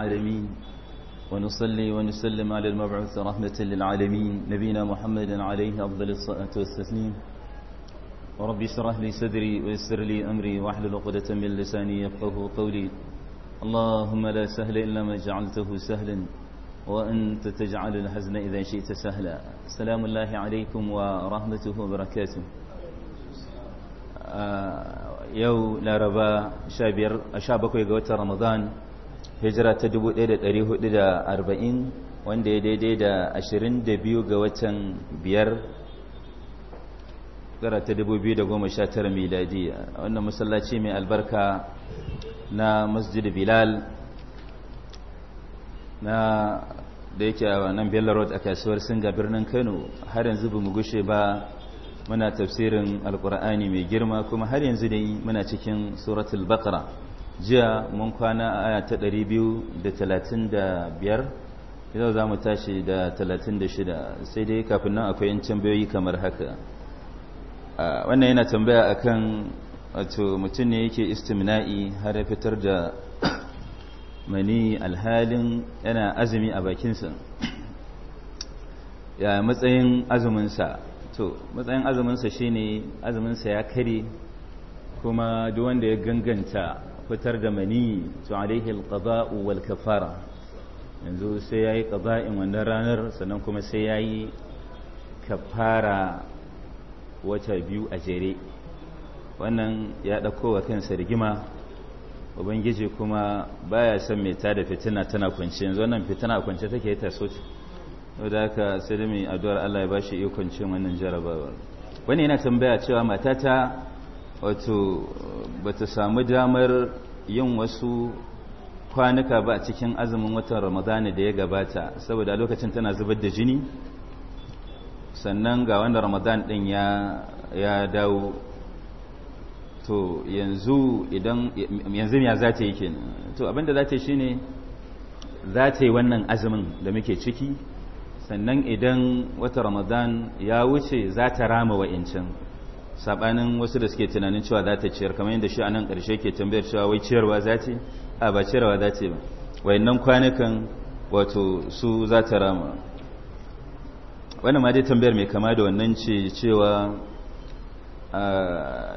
العالمين ونصلي ونسلم على المبعوث رحمة للعالمين نبينا محمد عليه أفضل الصلاة والسلام ورب اشرح لي صدري ويسر لي أمري واحلل عقدة من لساني يفقه قولي اللهم لا سهل إلا ما جعلته سهلا وأنت تجعل الحزن إذا شئت سهلا سلام الله عليكم ورحمته وبركاته آه، يو لا ربا bakwai ga watan رمضان hijira ta 1440 wanda ya daidai da 22 ga watan biyar shekara ta 2019 miladi wannan masallaci mai albarka na masjid bilal na da yake a nan bella road a kasuwar singa birnin kano har yanzu ba mu gushe ba muna tafsirin alkur'ani mai girma kuma har yanzu dai muna cikin suratul baqara jiya mun kwana a aya ta 235 yau za mu tashi da talatin da shida sai dai kafin nan akwai yin tambayoyi kamar haka wannan yana tambaya akan wato mutum ne yake istimna'i har ya fitar da mani alhalin yana azumi a bakinsa ya matsayin azuminsa to matsayin azuminsa shine azuminsa ya kare kuma duk wanda ya ganganta fitar da mani to alaihi alqada'u wal kafara yanzu sai yayi qada'in wannan ranar sannan kuma sai yayi kafara wata biyu a jere wannan ya dauko wa kansa rigima ubangiji kuma baya son mai tada fitina tana kwance yanzu wannan fitina kwance take ta soci saboda haka sai da mai addu'ar Allah ya bashi ikon cin wannan jarabawa wani yana tambaya cewa matata wato bata samu damar yin wasu kwanuka ba a cikin azumin watan ramadana da ya gabata saboda lokacin tana zubar da jini sannan ga wanda Ramadana din ya dawo to yanzu idan yanzu ya za ta yi kenan to abinda za ta yi shine za ta yi wannan azumin da muke ciki sannan idan wata ramadan ya wuce za ta rama wa'incin sabanin wasu da suke tunanin cewa za ta ciyar kamar yadda shi a nan ƙarshe ke tambayar cewa wai ciyarwa za ta a ba ciyarwa za ta ba nan kwanukan wato su za ta rama wannan ma dai tambayar mai kama da wannan ce cewa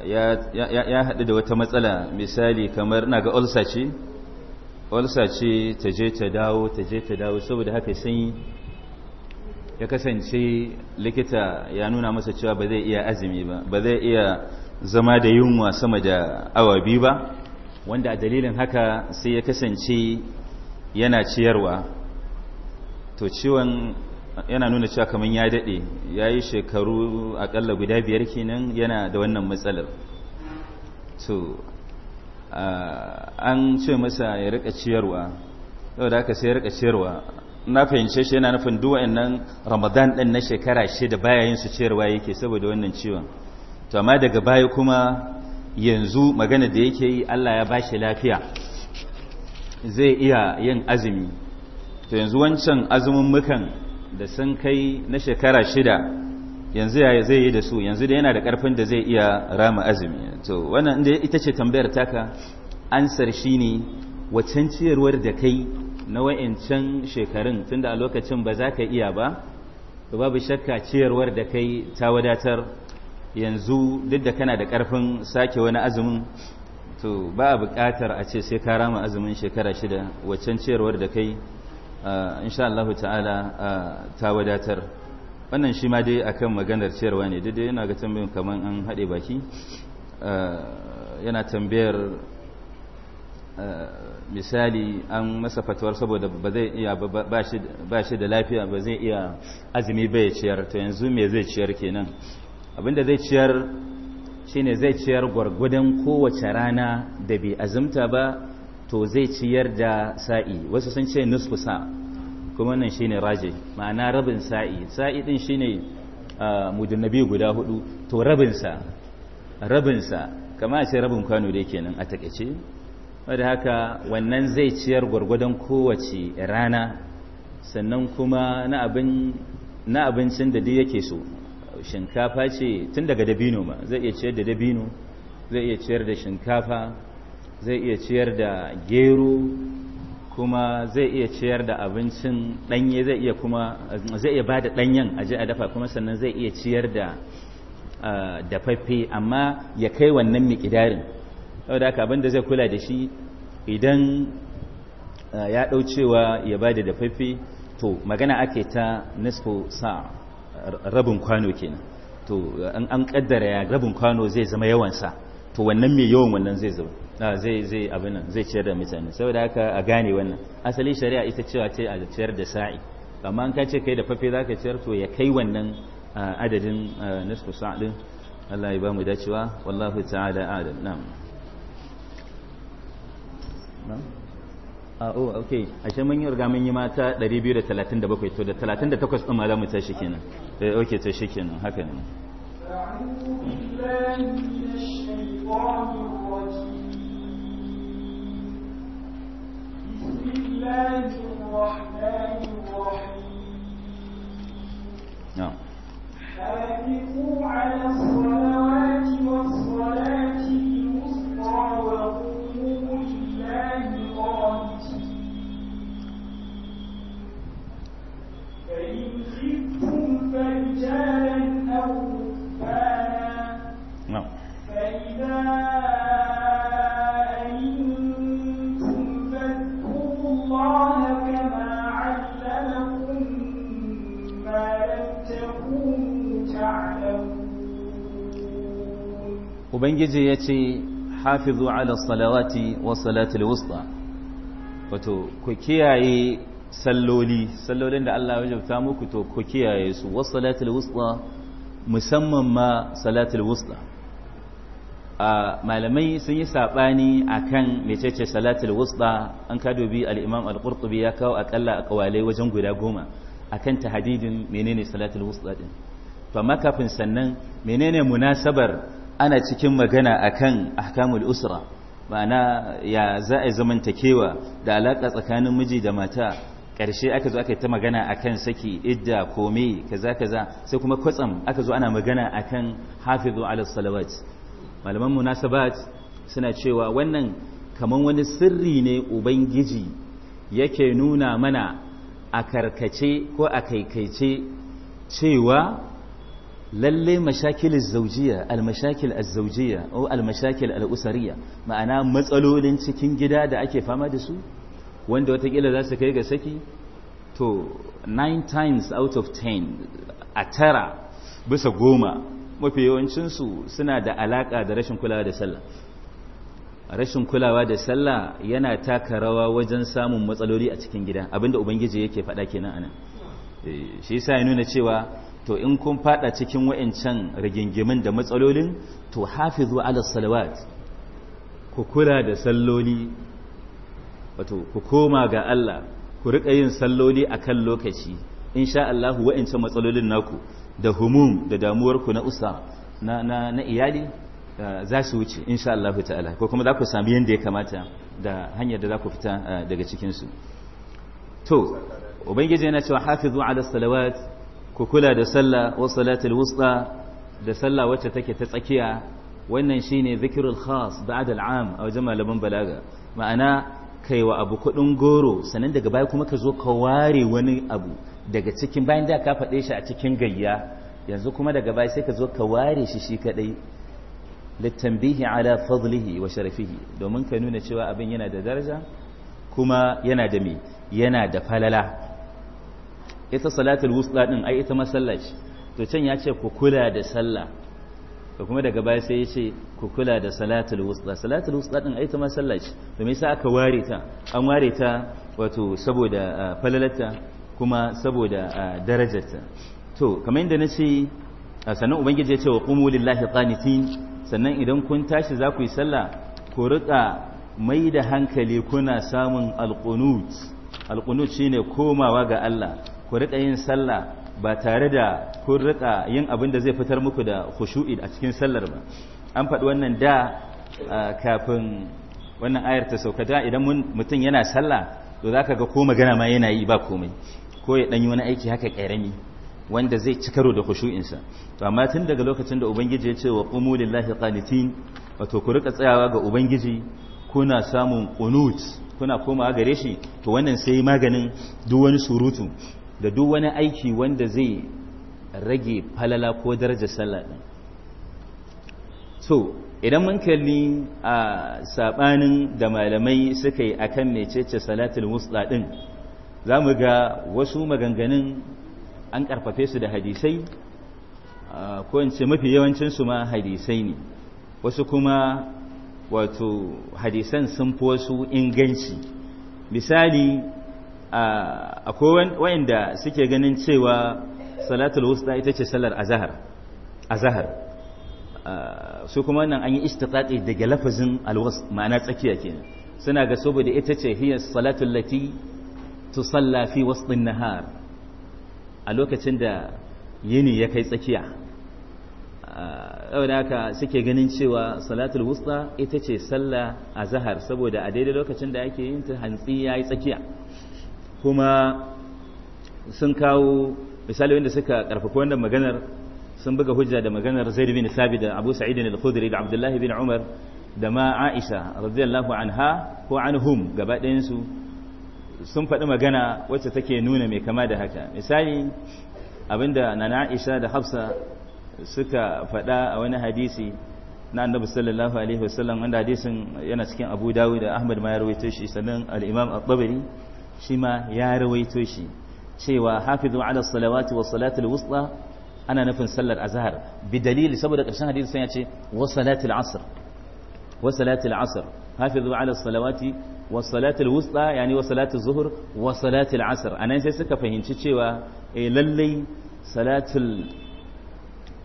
ya haɗu da wata matsala misali kamar na ga olsa ce olsa ce ta je ta dawo ta je ta dawo saboda haka sanyi ya kasance likita ya nuna masa cewa ba zai iya azumi ba ba zai iya zama da yunwa sama da awa biyu ba wanda a dalilin haka sai ya kasance yana ciyarwa to ciwon yana nuna cewa kamar ya daɗe ya yi shekaru akalla guda biyar kenan yana da wannan matsalar to an ce masa ya rika ciyarwa yau da aka sai ya rika ciyarwa na fahimce shi yana nufin duk wa'annan ramadan din na shekara shida baya yin su ciyarwa yake saboda wannan ciwon to amma daga baya kuma yanzu magana da yake yi Allah ya ba shi lafiya zai iya yin azumi to yanzu wancan azumin mukan da sun kai na shekara shida yanzu ya zai yi da su yanzu da yana da karfin da zai iya rama azumi to wannan inda ita ce tambayar taka ansar shine wacan ciyarwar da kai na wa'ancan shekarun tunda a lokacin ba za ka iya ba to babu shakka ciyarwar da kai ta wadatar yanzu duk da kana da karfin sake wani azumin to ba a buƙatar a ce sai ka rama azumin shekara shida waccan ciyarwar da kai insha Allah ta'ala ta wadatar wannan shi ma dai akan maganar ciyarwa ne dai yana ga tambayin kamar an haɗe baki yana tambayar Eh, misali an masa fatuwar saboda ba zai iya ba shi da lafiya ba zai iya azumi bai ciyar to yanzu me zai ciyar kenan abinda zai ciyar shine zai ciyar gwargwadon kowace rana da bai azumta ba to zai ciyar da sa'i wasu sun ce nusfu sa kuma nan shine raje ma'ana rabin sa'i sa'i din shine eh, mujannabi guda hudu to rabinsa rabinsa kama ce rabin kwano dai kenan a takaice wadda haka wannan zai ciyar gwargwadon kowace rana sannan kuma na abincin da duk yake so shinkafa ce tun daga dabino ma zai iya ciyar da dabino zai iya ciyar da shinkafa zai iya ciyar da gero kuma zai iya ciyar da abincin danye zai iya kuma zai iya bada danyen aje a dafa kuma sannan zai iya ciyar da ah, dafaffe amma ya kai wannan mikidarin saboda haka abinda zai kula da shi idan ya ɗau ya ba da dafaffe to magana ake ta nisfo sa rabin kwano kenan to an kaddara ya rabin kwano zai zama yawansa to wannan mai yawan wannan zai zama zai zai abin zai ciyar da mutane saboda haka a gane wannan asali shari'a ita cewa ce a ciyar da sa'i amma an kace kai da fafe zaka ciyar to ya kai wannan adadin nisfu sa'din Allah ya ba mu dacewa wallahi ta'ala a'lam na'am Ah, oh okay ashe mun yi riga yi mata 237 to da 38 din ma za mu tashi kenan eh okay to shi kenan haka ne بسم الله الرحمن الرحيم Ya حافظوا Ya ubangiji ya ce hafizu ala salawati wa salatul wusta wato ku kiyaye salloli sallolin da Allah ya jabta muku to ku kiyaye su wa salatul wusta musamman ma salatul wusta malamai sun yi sabani akan mecece salatul wusta an ka dubi al-imam al-qurtubi ya kawo akalla akwalai wajen guda goma akan tahdidin menene salatul wusta din to kafin sannan menene munasabar ana cikin magana akan ahkamul usra ma'ana ya za a zamantakewa da alaƙa tsakanin miji da mata ƙarshe aka zo aka yi ta magana akan saki idda kome kaza kaza sai kuma kwatsam aka zo ana magana akan hafizu ala salawat malaman munasabat suna cewa wannan kamar wani sirri ne ubangiji yake nuna mana a karkace ko a kaikaice cewa Lallai mashakil zaujiya almashakil azzaujiya o almashakil al'usariya ma'ana matsalolin cikin gida da ake fama da su wanda watakila za su kai ga saki to 9 times out of 10 a tara bisa goma mafi yawancinsu suna da alaƙa da rashin kulawa da sallah rashin kulawa da sallah yana taka rawa wajen samun matsaloli a cikin gida abinda ubangiji yake faɗa kenan anan eh, shi yasa ya nuna cewa to in kun fada cikin wa'ancan rigingimin da matsalolin to hafizu ala salawat ku kula da salloli wato ku koma ga Allah ku rika yin salloli a kan lokaci insha Allah wa'ancan matsalolin naku da humum da damuwar ku na usa na iyali za su wuce insha Allah ta'ala ko kuma za ku sami yadda ya kamata da hanyar da za ku fita eh, daga cikinsu su to ubangiji yana cewa hafizu ala salawat ku kula da sallah wa salatul wusta da sallah wacce take ta tsakiya wannan shine zikrul khas ba'da al'am a wajen malamin balaga ma'ana kai wa abu kudin goro sannan daga baya kuma ka zo ka ware wani abu daga cikin bayan da ka faɗe shi a cikin gayya yanzu kuma daga baya sai ka zo ka ware shi shi kadai littanbihi ala fadlihi wa sharafihi domin ka nuna cewa abin yana da daraja kuma yana da me yana da falala ita salatul wusta din ai ita masallaci to can ya ku kula da sallah to kuma daga baya sai yace ku kula da salatul wusta salatul wusta din ai ta masallaci to me yasa aka ware ta an ware ta wato saboda ah, falalata kuma saboda ah, darajarta to kamar yadda na ce ah, sannan ubangiji ya ce wa qumu lillahi qanitin sannan idan kun tashi za ku yi sallah ku rika mai da hankali kuna samun alqunut alqunut shine komawa ga Allah ku rika yin sallah ba tare da kun riƙa yin abin da zai fitar muku da khushu'i a cikin sallar ba an faɗi wannan da kafin wannan ayar ta sauka da idan mutum yana sallah to za ka ga ko magana ma yana yi ba komai ko ya ɗanyi wani aiki haka ƙarami wanda zai ci karo da khushu'insa to amma tun daga lokacin da ubangiji ya ce wa qumu lillahi qanitin wato ku rika tsayawa ga ubangiji kuna samun qunut kuna komawa gare shi to wannan sai maganin duk wani surutu da duk wani aiki wanda zai rage falala ko darajar sallah din so idan mun kalli a sabanin da malamai suka yi akan mecece salatul wusta din zamu ga wasu maganganun an karfafe su da hadisai ko in ce mafi yawancin su ma hadisai ne wasu kuma wato hadisan sun fi wasu inganci misali akwai wayanda suke ganin cewa salatul wusta ita ce sallar azhar azhar su kuma nan an yi istiqaqi daga lafazin alwas ma'ana tsakiya kenan suna ga saboda ita ce hiya salatul lati tusalla fi wasdin nahar a lokacin da yini ya kai tsakiya saboda haka suke ganin cewa salatul wusta ita ce sallar azhar saboda a daidai lokacin da ake yin ta hantsi yayi tsakiya kuma sun kawo misali wanda suka karfafa wannan maganar sun buga hujja da maganar zaid bin sabit da abu sa'id al-khudri da abdullahi bin umar da ma aisha radiyallahu anha ko anhum gaba ɗayan su sun faɗi magana wacce take nuna mai kama da haka misali abinda nana aisha da hafsa suka faɗa a wani hadisi na annabi sallallahu alaihi wasallam wanda hadisin yana cikin abu dawud da ahmad ma ya rawaito shi sannan al-imam at-tabari shi ma ya rawaito shi cewa hafizu ala salawati wa salatul wusta ana nufin sallar azhar bi dalili saboda karshen hadisi sun ce wa salatul asr wa salatul asr hafizu ala salawati wa salatul wusta yani wa salatul zuhur wa salatul asr anan sai suka fahimci cewa eh lallai salatul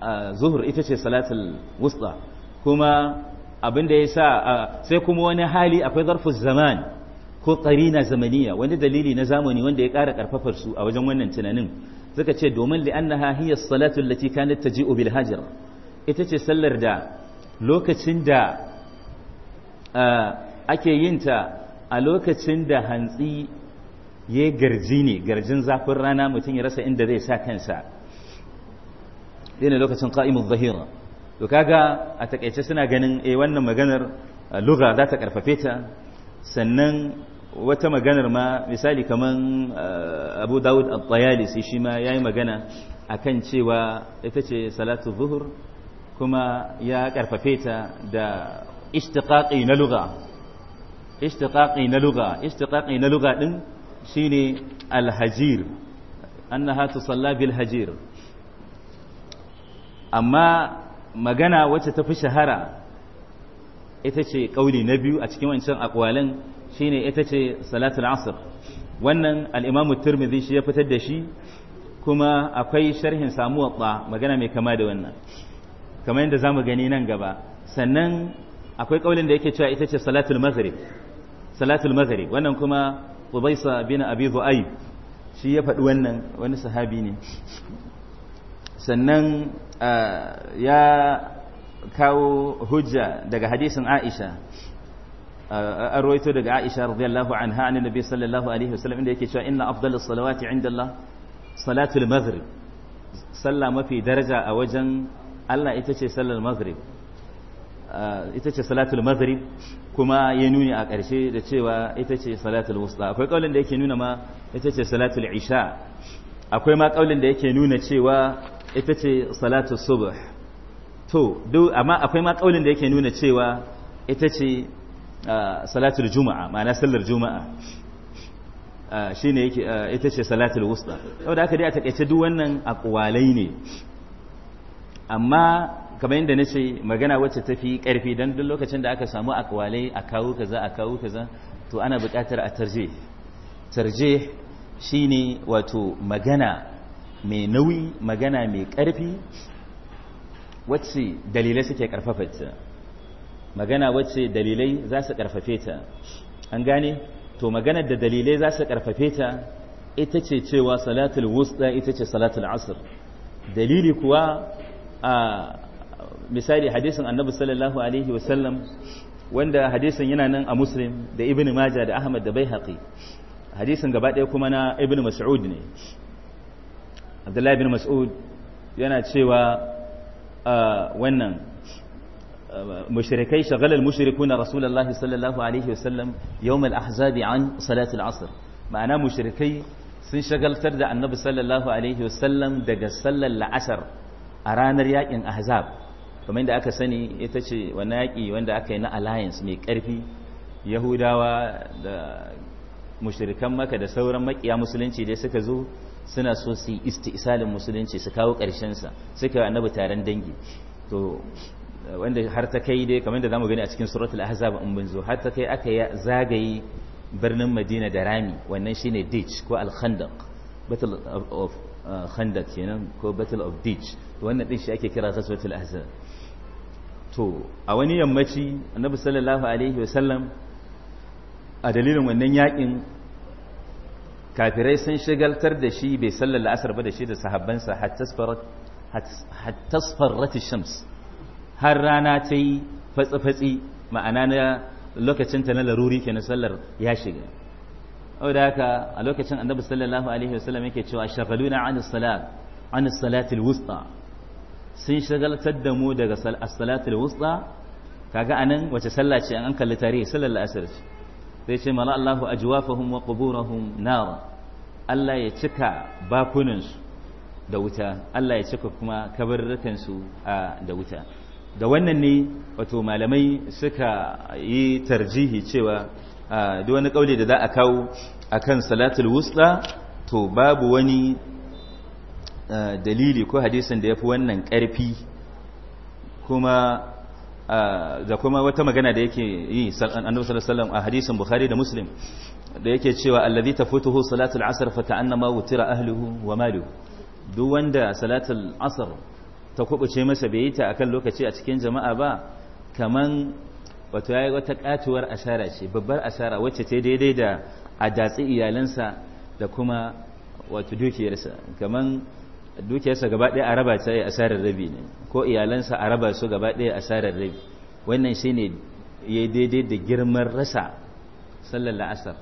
ah, zuhur ita ce salatul wusta kuma abinda ya sa ah, sai kuma wani hali akwai zarfin zaman ko qarina zamaniya wani dalili na zamani wanda ya ƙara ƙarfafar su a wajen wannan tunanin suka ce domin li'annaha hiya salatu allati kanat taji'u bil hajar ita ce sallar da lokacin da ake yin ta a lokacin da hantsi ya garji ne garjin zafin rana mutum ya rasa inda zai sa kansa dai lokacin ka'imu zahira to kaga a takaice suna ganin eh wannan maganar lugha za ta karfafe ta sannan wata maganar ma misali kamar eh, abu dawud al-tayalisi shi ma ya yi magana kan cewa ita ce salatu zuhur kuma ya karfafe ta da ishtiqaqi na lugha ishtiqaqi na lugha ishtiqaqi na lugha din shine alhajir hajir annaha tusalla bil hajir amma magana wacce ta fi shahara ita ce kauli na biyu a cikin wancan akwalin shine ita ce salatul asr wannan al-imamu tirmidhi shi ya fitar da shi kuma akwai sharhin samu magana mai kama da wannan kamar yadda zamu gani nan gaba sannan akwai kaulin da yake cewa ita ce salatul maghrib salatul maghrib wannan kuma Qubaysa bin Abi Zu'ayb shi ya faɗi wannan wani sahabi ne sannan ah, ya kawo hujja daga hadisin Aisha a rawaito daga Aisha radiyallahu anha an nabi sallallahu alaihi wasallam inda yake cewa inna afdalus salawati inda Allah salatul maghrib salla mafi daraja a wajen Allah ita ce sallar maghrib ita ce salatul maghrib kuma ya nuni a ƙarshe da cewa ita ce salatul wusta akwai kaulin da yake nuna ma ita ce salatul isha akwai ma kaulin da yake nuna cewa ita ce salatul subh to duk amma akwai ma kaulin da yake nuna cewa ita ce salatul juma'a ma'ana sallar juma'a shine yake ita ce salatul wusta saboda haka dai a takaice duk wannan akwalai ne amma kamar yadda na ce magana wacce ta fi ƙarfi don duk lokacin da aka samu akwalai a kawo kaza a kawo kaza to ana buƙatar a tarje tarje shine wato magana mai nauyi magana mai ƙarfi wacce dalilai suke karfafa magana wacce dalilai za su karfafe ta an gane to maganar da dalilai za su karfafe ta ita ce cewa salatul wusta ita ce salatul asr dalili kuwa a misali hadisin annabi sallallahu alaihi wasallam wanda hadisin yana nan a muslim da ibn Maja da ahmad da baihaqi hadisin gaba ɗaya kuma na ibn mas'ud ne abdullahi ibn mas'ud yana cewa wannan mushrikai shagalar mushrikuna rasulullahi sallallahu alaihi wasallam yawmal ahzabi an salatul asr ma'ana mushrikai sun shagaltar da annabi sallallahu alaihi wasallam daga sallar la'asar a ranar yakin ahzab kamar da aka sani ita ce wani yaƙi wanda aka yi na alliance mai ƙarfi yahudawa da mushirikan maka da sauran makiya musulunci dai suka zo suna so su yi istisalin musulunci su kawo ƙarshen sa suka annabi taron dangi to wanda har ta kai dai kamar da zamu gani a cikin suratul ahzab in bunzo har ta kai aka zagaye birnin madina da rami wannan shine ditch ko al-khandaq battle of uh, khandaq kenan ko battle of ditch wannan din shi ake kira suratul ahzab to a wani yammaci annabi sallallahu alaihi wasallam a dalilin wannan yakin kafirai sun shigaltar da shi bai sallar la'asar ba da shi da sahabbansa hattasfarat shams har rana ta yi fatsi-fatsi ma'ana na lokacinta na laruri ke na sallar ya shiga au da haka a lokacin annabi sallallahu alaihi wasallam yake cewa shagaluna an salat an salatil wusta sun shagaltar da mu daga salatil wusta kaga anan wace sallah ce an kalli tarihi sallar la'asar ce sai ce mala Allahu ajwafahum wa quburahum nara Allah ya cika bakuninsu da wuta Allah ya cika kuma su da wuta da wannan ne wato malamai suka yi tarjihi cewa duk wani kauli da za a kawo akan salatul wusta to babu wani dalili ko hadisin da yafi wannan karfi kuma da kuma wata magana da yake yi annabi sallallahu alaihi wasallam a hadisin bukhari da muslim da yake cewa allazi tafutuhu salatul asr fa ta'annama wutira ahlihu wa maluhu duk wanda salatul asr ta kubuce masa bai yi ta akan lokaci a cikin jama'a ba kaman wato yayi wata katuwar ashara ce babbar ashara wacce ta daidai da a datsi iyalansa da kuma wato dukiyarsa kaman dukiyarsa gaba ɗaya a raba ta asarar rabi ne ko iyalansa a raba su gaba ɗaya asarar rabi wannan shine yayi daidai da girman rasa sallar la'asar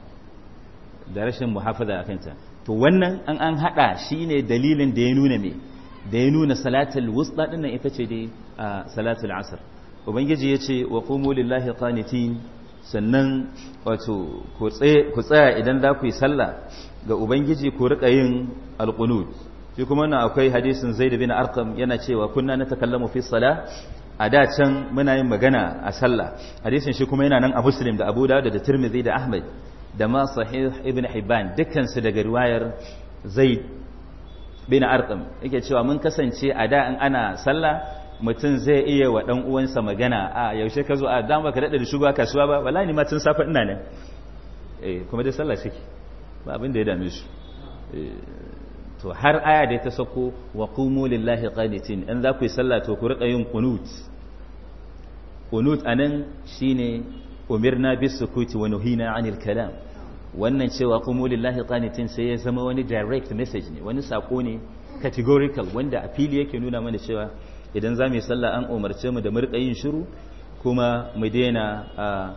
da rashin muhafaza a kanta to wannan an an hada shine dalilin da ya nuna me da ya nuna salatul wusta din nan ita ce dai salatul asr ubangiji yace wa qumu lillahi qanitin sannan wato ku tsaya idan za ku yi sallah ga ubangiji ku rika yin alqunut shi kuma nan akwai hadisin zaid bin arqam yana cewa kunna natakallamu fi salah a da can muna yin magana a sallah hadisin shi kuma yana nan a muslim da abu dawud da tirmidhi da ahmad da ma sahih ibn hibban dukkansu daga riwayar zaid bin arqam yake cewa mun kasance a da in ana sallah mutum zai iya wa dan uwansa magana a yaushe ka zo a dan baka dade da shugaba kasuwa ba wallahi ma tun safa ina ne. eh kuma dai sallah shi ba abin da ya dame shi eh, to har aya da ta sako wa qumu lillahi qanitin in za ku yi sallah to ku rika yin qunut qunut anan shine umirna bis sukuti wa nuhina anil kalam wannan cewa qumu lillahi qanitin sai ya zama wani direct message ne wani sako ne categorical wanda a fili yake nuna mana cewa idan za mu yi sallah an umarce mu da mu yin shiru kuma mu daina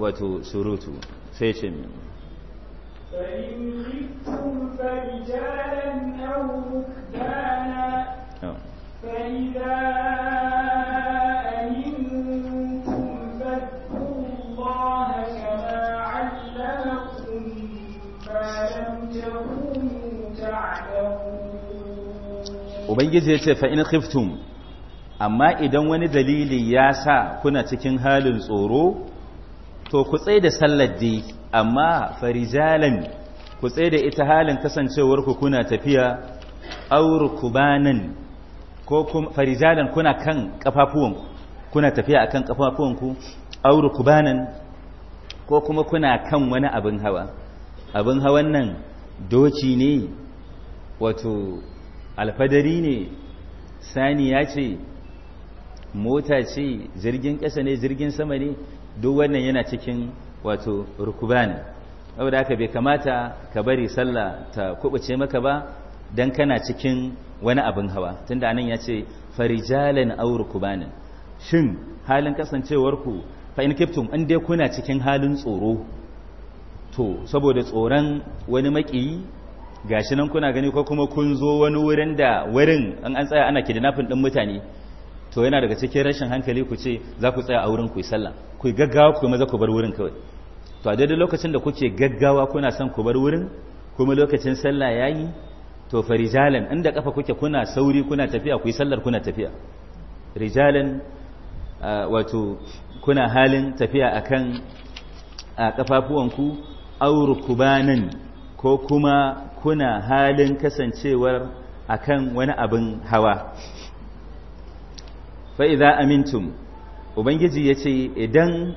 wato surutu sai ce mu فإن خفتم فرجالا أو ركبانا فإذا Ubangiji ya ce fa'in khiftum, amma idan wani dalili ya sa kuna cikin halin tsoro, to ku tsaye da salladdi, amma farijalan ku tsaye da ita halin kasancewarku kuna tafiya, auru kubanan, ko farijalan kuna kan kafafuwanku kuna tafiya a kan ƙafafuwanku, auru kubanan, ko kuma kuna kan wani abin hawa. Abin hawan nan doci ne wato alfadari ne saniya ce mota ce jirgin ƙasa ne jirgin sama ne duk wannan yana cikin wato rukuban saboda haka bai kamata ka bari sallah ta kubuce maka ba dan kana cikin wani abin hawa tunda anan ya ce jalan aw rukubanin shin halin kasancewarku fa in kiftum in dai kuna cikin halin tsoro to saboda tsoron wani makiyi gashi nan kuna gani ko kuma kun zo wani wurin da wurin an an tsaya ana kidnapping din mutane to yana daga cikin rashin hankali ku ce za ku tsaya a wurin ku yi sallah ku gaggawa ku maza ku bar wurin kawai to a daidai lokacin da kuke gaggawa kuna son ku bar wurin kuma lokacin sallah yayi to fa rijalan inda kafa kuke kuna sauri kuna tafiya ku yi sallar kuna tafiya rijalan ah, wato kuna halin tafiya akan a kafafuwanku nan ko kuma kuna halin kasancewar akan wani abin hawa fa'iza amintum ubangiji ya ce idan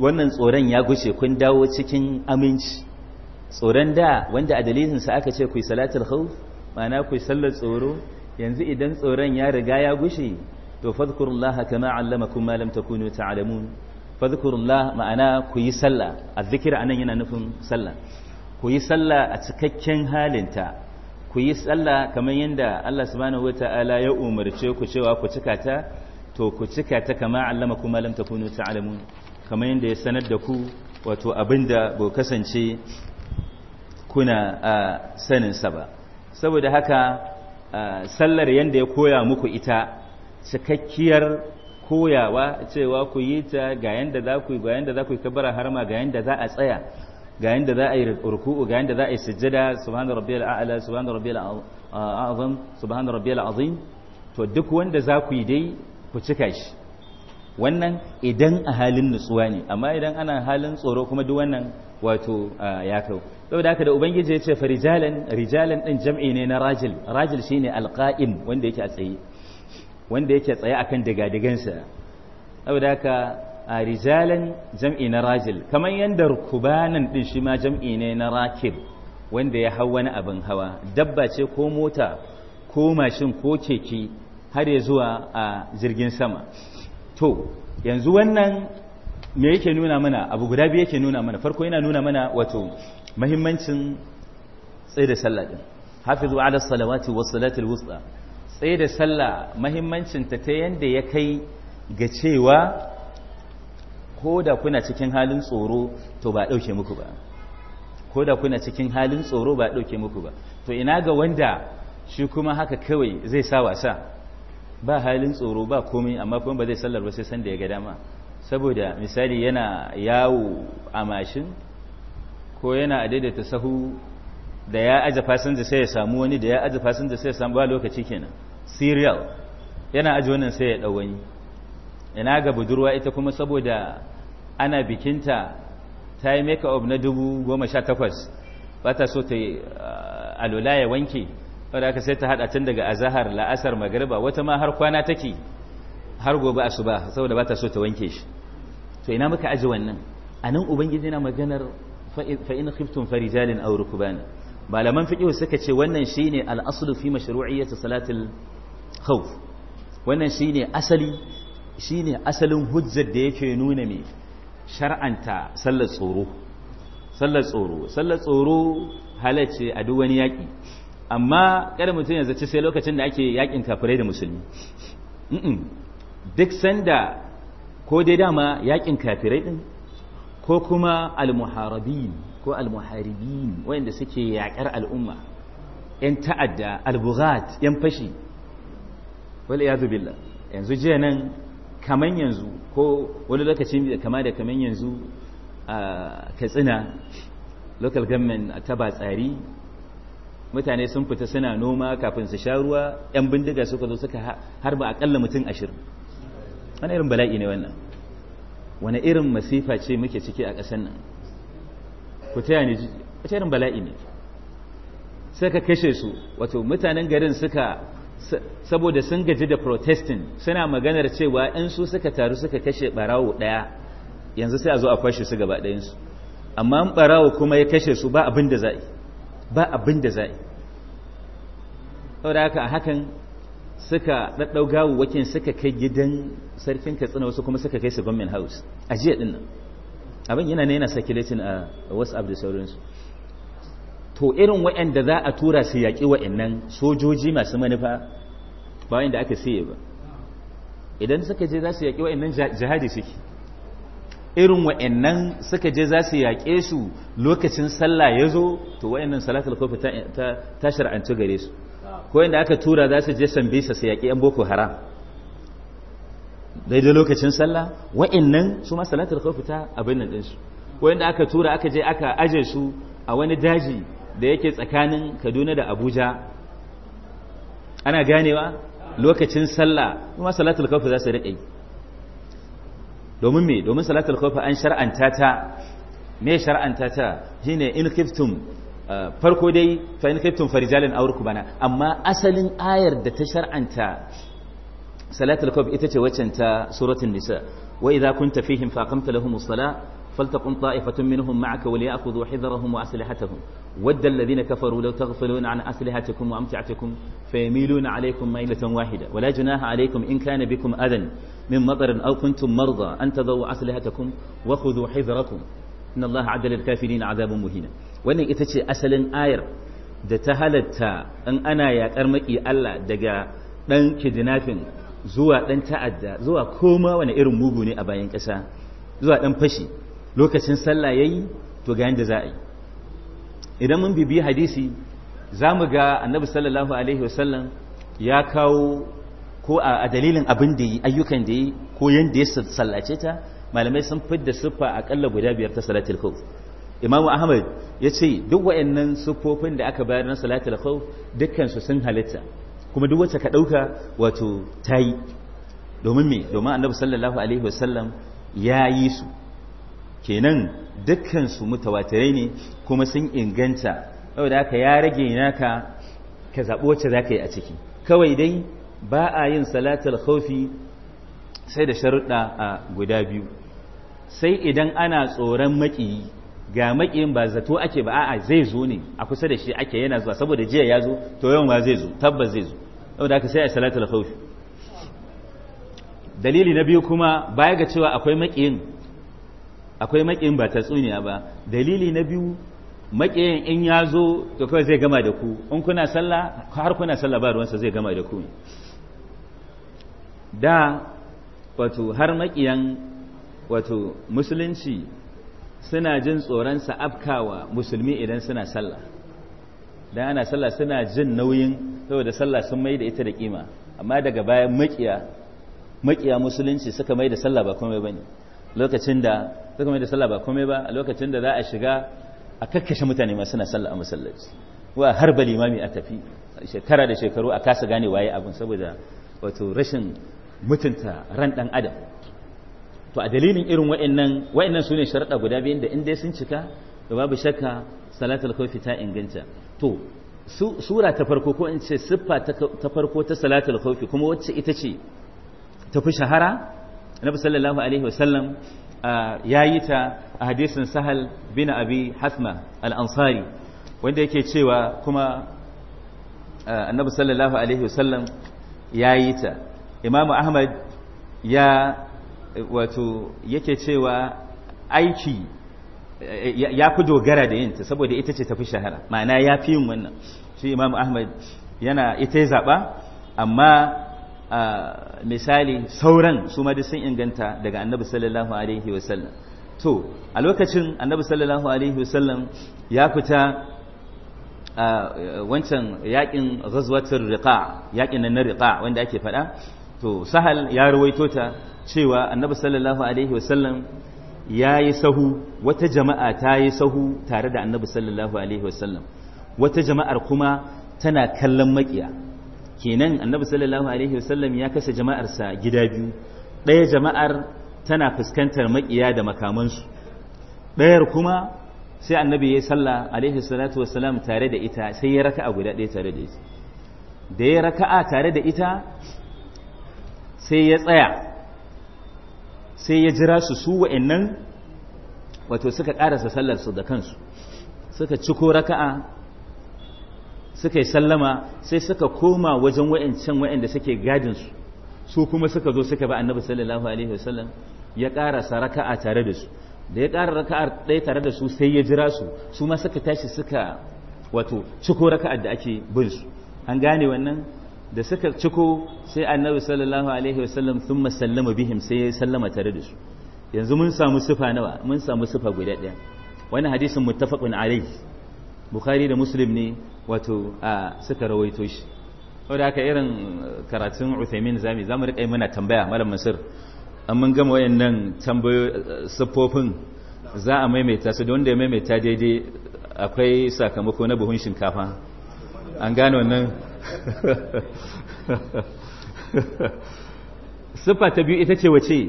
wannan tsoron ya gushe kun dawo cikin aminci tsoron da wanda a dalilinsa aka ce ku salatar salatul khawf ma'ana sallar tsoro yanzu idan tsoron ya riga ya gushe to fadkurullaha kama allama kuma lamta takunu ta'alamun fadhkurullah ma'ana ku yi sallah azzikir anan yana nufin sallah ku yi sallah a cikakken halinta ku yi sallah kamar yadda Allah subhanahu wata'ala ya umarce ku cewa ku cika ta to ku cika ta kama allama kuma lam takunu ta'lamun kamar yadda ya sanar da ku wato abinda ba kasance kuna a sanin sa ba saboda haka sallar yadda ya koya muku ita cikakkiyar koyawa cewa ku yi ta ga yanda za ku yi ga yanda za ku yi kabara harma ga yanda za a tsaya ga yanda za a yi ruku'u ga yanda za a yi sujjada subhana rabbiyal a'la subhana rabbiyal a'zam subhana rabbiyal azim to duk wanda za ku yi dai ku cika shi wannan idan a halin nutsuwa ne amma idan ana halin tsoro kuma duk wannan wato ya kau saboda haka da ubangiji ya ce fa rijalan rijalan din jam'i ne na rajil rajil shine alqa'im wanda yake a tsaye wanda yake tsaye akan digadigansa saboda haka a rijalan jam'i na rajil kamar yadda rukubanan din shi ma jam'i ne na rakib wanda ya hau wani abin hawa dabba ce ko mota ko mashin ko keke har ya zuwa a jirgin sama to yanzu wannan me yake nuna mana abu guda biyu yake nuna mana farko yana nuna mana wato mahimmancin tsaye da sallah din hafizu ala salawati was salatil wusta tsaye da sallah mahimmancinta ta yadda ya kai ga cewa ko da kuna cikin halin tsoro to ba ɗauke muku ba ko da kuna cikin halin tsoro ba ɗauke muku ba to ina ga wanda shi kuma haka kawai zai sa wasa ba halin tsoro ba komai amma kuma ba zai sallar ba sai san ya ga dama saboda misali yana yawo a mashin ko yana a ta sahu da ya aje fasinja sai ya samu wani da ya aje fasinja sai ya samu ba lokaci kenan serial yana aji wannan sai ya ɗauwani ina ga budurwa ita kuma saboda ana bikinta ta yi make-up na dubu goma sha takwas ba ta so ta yi uh, ya wanke wadda aka sai ta haɗa tun daga azahar la'asar magariba wata ma har kwana take har gobe asuba saboda ba ta so ta wanke shi to ina muka aji wannan a nan ubangiji na maganar fa'in khiftun farijalin aure ku bani malaman fiƙihu suka ce wannan shine al'asulu fi mashru'iyyati salatin. khawf wannan shine asali shine asalin hujjar da yake nuna me shar'anta sallar tsoro sallar tsoro sallar tsoro halarci a duk wani yaƙi amma kada mutum ya zaci sai lokacin da ake yaƙin kafirai da musulmi duk sanda ko dai dama yaƙin kafirai din ko kuma almuharabin ko almuharibin wayanda suke yaƙar al'umma 'yan ta'adda albughat 'yan fashi wal billah yanzu jiya nan kamar yanzu ko wani lokacin kama da kamar yanzu a katsina local government a taba tsari mutane sun fita suna noma kafin su sha ruwa yan bindiga suka zo suka harba akalla mutum ashirin wani irin bala'i ne wannan wani irin masifa ce muke ciki a ƙasar nan ku taya ni wace irin bala'i ne suka kashe su wato mutanen garin suka saboda sun gaji da protesting suna maganar cewa in su suka taru suka kashe barawo daya yanzu sai a zo a kwashe su gaba su amma in barawo kuma ya kashe su ba abin da za'i ba abin da za'i da haka a hakan suka ɗaɗɗau wakin suka kai gidan sarkin katsina wasu kuma suka kai su government house a jiya ɗin nan abin yana ne yana circulating a whatsapp da sauransu to irin waɗanda za a tura su yaƙi waɗannan sojoji masu manufa ba wanda aka siye ba idan suka je za su yaƙi waɗannan jihadi suke irin waɗannan suka je za su yaƙe su lokacin sallah ya zo to waɗannan salatul kofi ta shar'antu gare su ko da aka tura za su je sambisa su yaƙi yan boko haram daidai lokacin sallah waɗannan su ma salatul kofi ta abin nan ɗinsu ko inda aka tura aka je aka aje su a wani daji da yake tsakanin kaduna da abuja ana ganewa lokacin sallah kuma salatul kawfi za su riƙe domin me domin salatul kawfi an shar'anta ta me shar'anta ta shine in khiftum uh, farko dai fa in khiftum farijalan aw bana amma asalin ayar da ta shar'anta salatul kawfi ita ce waccan ta suratul nisa wa idza kunta fihim faqamta lahumus salat فلتقم طائفة منهم معك وليأخذوا حذرهم وأسلحتهم ود الذين كفروا لو تغفلون عن أسلحتكم وأمتعتكم فيميلون عليكم ميلة واحدة ولا جناح عليكم إن كان بكم أذى من مطر أو كنتم مرضى أن تضوا أسلحتكم وخذوا حذركم إن الله عد للكافرين عذاب مهينا وأن إتشي أسل آير da ta halatta in ana yaƙar maƙi Allah daga ɗan kidnapping zuwa ɗan ta'adda zuwa koma wani irin mugu ne a bayan ƙasa zuwa ɗan fashi lokacin sallah ya yi to ga yanda za a yi idan mun bibi hadisi za mu ga annabi sallallahu alaihi wasallam ya kawo ko a dalilin abin da yi ayyukan da yi ko yanda ya sallace ta malamai sun fidda siffa akalla guda biyar ta salatul khawf imam ahmad ya ce duk wayannan siffofin da aka bayar na salatul khawf dukkan sun halitta kuma duk wacce ka dauka wato ta yi domin me domin annabi sallallahu alaihi wasallam ya yi su kenan dukkan su mutawatirai ne kuma sun inganta da aka ya rage naka ka zaɓo wacce za ka yi a ciki kawai dai ba a yin salatar haufi sai da sharuɗa a guda biyu sai idan ana tsoron maƙiyi ga maƙiyin ba zato ake ba a'a zai zo ne a kusa da shi ake yana zuwa saboda jiya ya zo to yau ma zai zo tabbas zai zo yau da aka sai a salatar haufi. dalili na biyu kuma baya ga cewa akwai maƙiyin akwai maƙiyin ba ta tsuniya ba dalili na biyu maƙiyin in ya zo to kawai zai gama da ku in kuna sallah har kuna sallah ba ruwansa zai gama da ku da wato har maƙiyan wato musulunci suna jin tsoron sa afkawa musulmi idan suna sallah dan ana sallah suna jin nauyin saboda sallah sun mai da ita da kima amma daga bayan maƙiya maƙiya musulunci suka mai da sallah ba komai bane lokacin da sai kuma da sallah ba komai ba a lokacin da za a shiga a kakkashe mutane ma suna sallah a musallaci wa har ba limami a tafi shekara da shekaru a kasa gane waye abin saboda wato rashin mutunta ran dan adam to a dalilin irin wa'annan wa'annan sune sharada guda biyu da in dai sun cika to babu shakka salatul khawfi ta inganta to sura ta farko ko in ce siffa ta farko ta salatul khawfi kuma wacce ita ce ta fi shahara nabi sallallahu alaihi sallam. ya yi ta a hadisin sahal bin abi hasma al-ansari wanda yake cewa kuma annabi sallallahu alaihi wasallam ya yi ta imamu ahmad ya wato yake cewa aiki ya fi dogara da yinta saboda ita ce tafi shahara ma'ana ya fi yin wannan shi imamu ahmad yana ita ya zaɓa amma misali sauran su ma sun inganta daga annabi sallallahu alaihi wasallam to a lokacin annabi sallallahu alaihi wasallam ya fita wancan yakin ghazwatul riqa yakin na riqa wanda ake fada to sahal ya ruwaito ta cewa annabi sallallahu alaihi wasallam ya yi sahu wata jama'a ta yi sahu tare da annabi sallallahu alaihi wasallam wata jama'ar kuma tana kallon makiya kenan annabi sallallahu alaihi wasallam ya kasa jama'arsa gida biyu ɗaya jama'ar tana fuskantar makiya da makamansu ɗayar kuma sai annabi ya sallah alaihi salatu wasalam tare da ita sai ya raka'a guda ɗaya tare da ita da ya raka'a tare da ita sai ya tsaya sai ya jira su su wa'annan wato suka ƙarasa sallarsu da kansu suka ciko raka'a suka yi sallama sai suka koma wajen wa'ancan wa'anda suke gadin su kuma suka zo suka bi annabi sallallahu alaihi wasallam ya karasa raka'a tare da su da ya ƙara raka'a ɗaya tare da su sai ya jira su su ma suka tashi suka wato ciko raka'ar da ake bin su an gane wannan da suka ciko sai annabi sallallahu alaihi wasallam sun masallama bihim sai ya sallama tare da su yanzu mun samu sifa nawa mun samu sifa guda ɗaya wani hadisin muttafaqun alaihi bukhari da muslim ne wato suka rawaito shi wadda aka irin karatun uthaimin zami za mu riƙa yi muna tambaya malam masir an mun gama wayan nan tambayo siffofin za a maimaita su da wanda ya maimaita daidai akwai sakamako na buhun shinkafa an gane wannan siffa ta biyu ita ce wace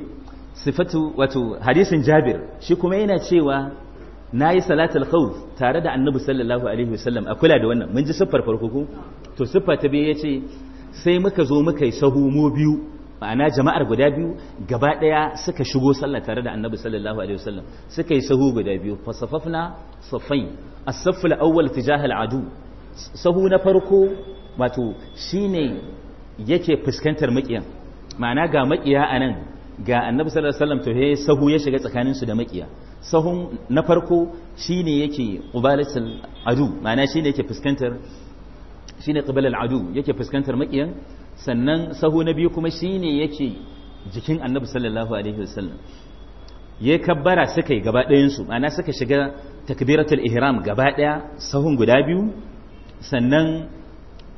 sifatu wato hadisin jabir shi kuma yana cewa na yi salatul khawf tare da annabi sallallahu alaihi wasallam a kula da wannan mun ji siffar farko ko to siffa ta biyu yace sai muka zo muka yi sahu mu biyu ma'ana jama'ar guda biyu gaba daya suka shigo sallah tare da annabi sallallahu alaihi wasallam suka yi sahu guda biyu fasafafna safai as-saff al-awwal tijaha al-adu sahu na farko wato shine yake fuskantar maƙiya ma'ana ga maƙiya anan ga annabi sallallahu alaihi wasallam to he sahu ya shiga tsakanin su da makiya sahun na farko shine yake qibalatul adu ma'ana shine yake fuskantar shine qibalal adu yake fuskantar makiyan sannan sahu na biyu kuma shine yake jikin annabi sallallahu alaihi wasallam ya kabbara suka yi gaba ɗayan su ma'ana suka shiga takbiratul ihram gaba ɗaya sahun guda biyu sannan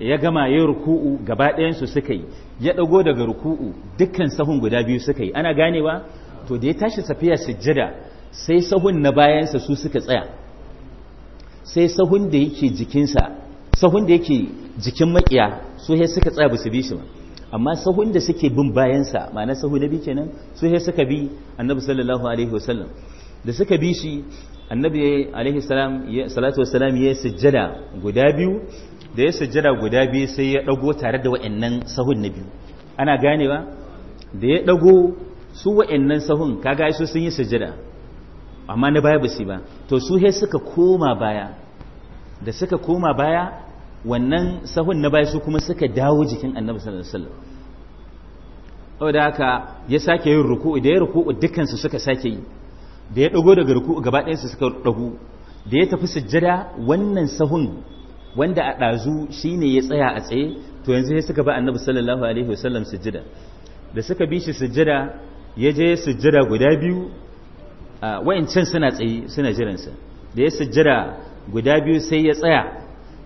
ya gama ya ruku'u gaba ɗayansu suka yi ya ɗago daga ruku'u dukkan sahun guda biyu suka yi ana ganewa to da ya tashi tafiya sujjada sai sahun na bayansa su suka tsaya sai sahun da yake jikinsa sahun da yake jikin makiya su he suka tsaya basu bi shi ba amma sahun da suke bin bayansa ma'ana sahu na bi kenan su he suka bi annabi sallallahu alaihi wasallam da suka bi shi annabi alaihi salatu wasalam ya sujjada guda biyu da ya sajjada guda biyu sai ya dago tare da wa'annan sahun na biyu ana gane ba da ya dago su wa'annan sahun kaga su sun yi sajjada amma na baya ba su ba to su he suka koma baya da suka koma baya wannan sahun na baya su kuma suka dawo jikin annabi sallallahu alaihi wasallam saboda haka ya sake yin ruku'u da ya ruku'u dukansu suka sake yi da ya dago daga ruku'u gaba su suka dago da ya tafi sujjada wannan sahun wanda a ɗazu shine ya tsaya a tsaye to yanzu sai suka ba annabi sallallahu alaihi wasallam sujjada da suka bi shi sujjada ya je sujjada guda biyu wa'ancan suna tsaye suna jiransa da ya sujjada guda biyu sai ya tsaya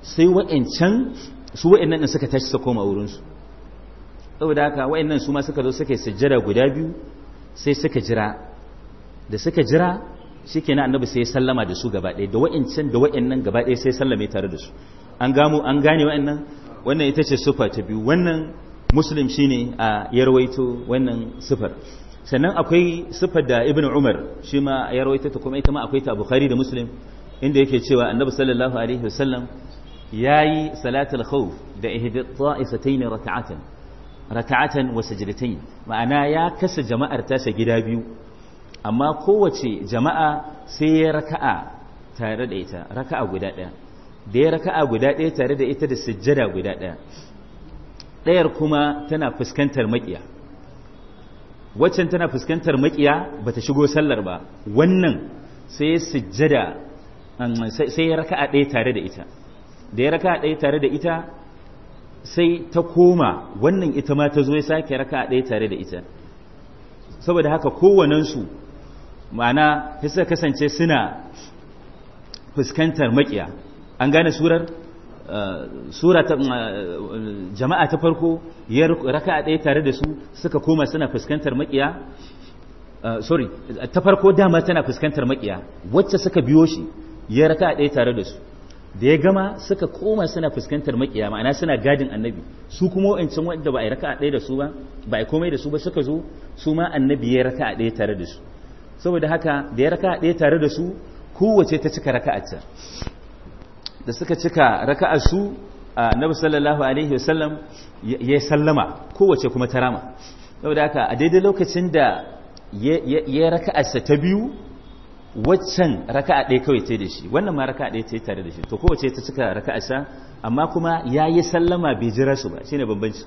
sai wa'ancan su wa'annan din suka tashi su koma wurinsu saboda haka nan su ma suka zo suka yi sujjada guda biyu sai suka jira da suka jira shikenan annabi sai ya sallama da su gaba ɗaya da wa'ancan da wa'annan gaba ɗaya sai sallame tare da su an gamu an gane wa'annan wannan ita ce sufa ta biyu wannan muslim shine a yarwaito wannan sufar sannan akwai sufar da ibn umar shi ma a yarwaito ta kuma ita ma akwai ta bukhari da muslim inda yake cewa annabi sallallahu alaihi wasallam yayi salatul khawf da ihdiqa'isatayn rak'atan raka'atan wa sajdatayn ma'ana ya kasa jama'ar tasa gida biyu amma kowace jama'a sai ya raka'a tare da ita raka'a guda ɗaya da ya raka'a guda ɗaya tare da ita da sujjada guda ɗaya ɗayar kuma tana fuskantar maƙiya waccan tana fuskantar maƙiya ba ta shigo sallar ba wannan sai ya sujjada sai ya raka'a ɗaya tare da ita da ya raka'a ɗaya tare da ita sai ta koma wannan ita ma ta zo ya sake raka'a ɗaya tare da ita saboda haka kowanensu ma'ana ya kasance suna fuskantar maƙiya an gane surar eh, sura ta eh, jama'a ta farko ya raka a ɗaya tare da su suka koma suna fuskantar makiya eh, sorry ta farko dama tana fuskantar makiya wacce suka biyo shi ya raka a ɗaya tare da su da ya gama suka koma suna fuskantar makiya ma'ana suna gadin annabi su kuma wa'ancan wanda ba a raka a ɗaya da su ba ba a komai da su ba suka zo su ma annabi ya raka a ɗaya tare da su saboda haka da ya raka a ɗaya tare da su kowace ta cika raka'a ta da suka cika raka'a su annabi sallallahu alaihi wasallam ya sallama kowace kuma ta rama saboda haka a daidai lokacin da ya sa ta biyu waccan raka'a ɗaya kawai ta da shi wannan ma raka'a ɗaya ce tare da shi to kowace ta cika sa amma kuma ya yi sallama bai jira su ba shine bambanci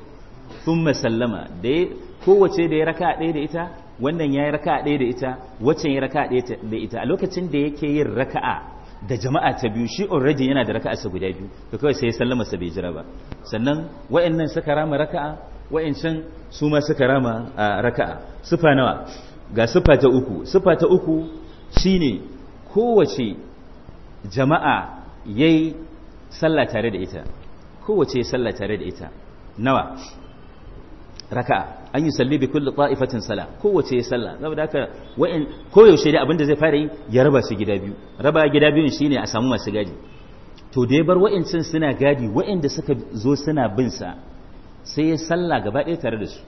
thumma sallama da kowace da ya raka'a ɗaya da ita wannan ya yi raka'a ɗaya da ita waccan ya raka'a ɗaya da ita a lokacin da yake yin raka'a da jama'a ta biyu shi already yana da sa guda biyu to kawai sai ya sallama sa bai jira ba sannan wayannan suka rama raka'a wayancan su ma suka rama raka'a sufa nawa ga sufa ta uku sufa ta uku shine kowace jama'a yayi sallah tare da ita kowace sallah tare da ita nawa raka'a an yi salli bi kulli ta'ifatin sala kowace ya salla saboda haka wa'in yaushe dai abinda zai fara yi ya raba su gida biyu raba gida biyun shine a samu masu gadi to da ya bar wa'incin suna gadi da suka zo suna bin sa sai ya salla gaba ɗaya tare da su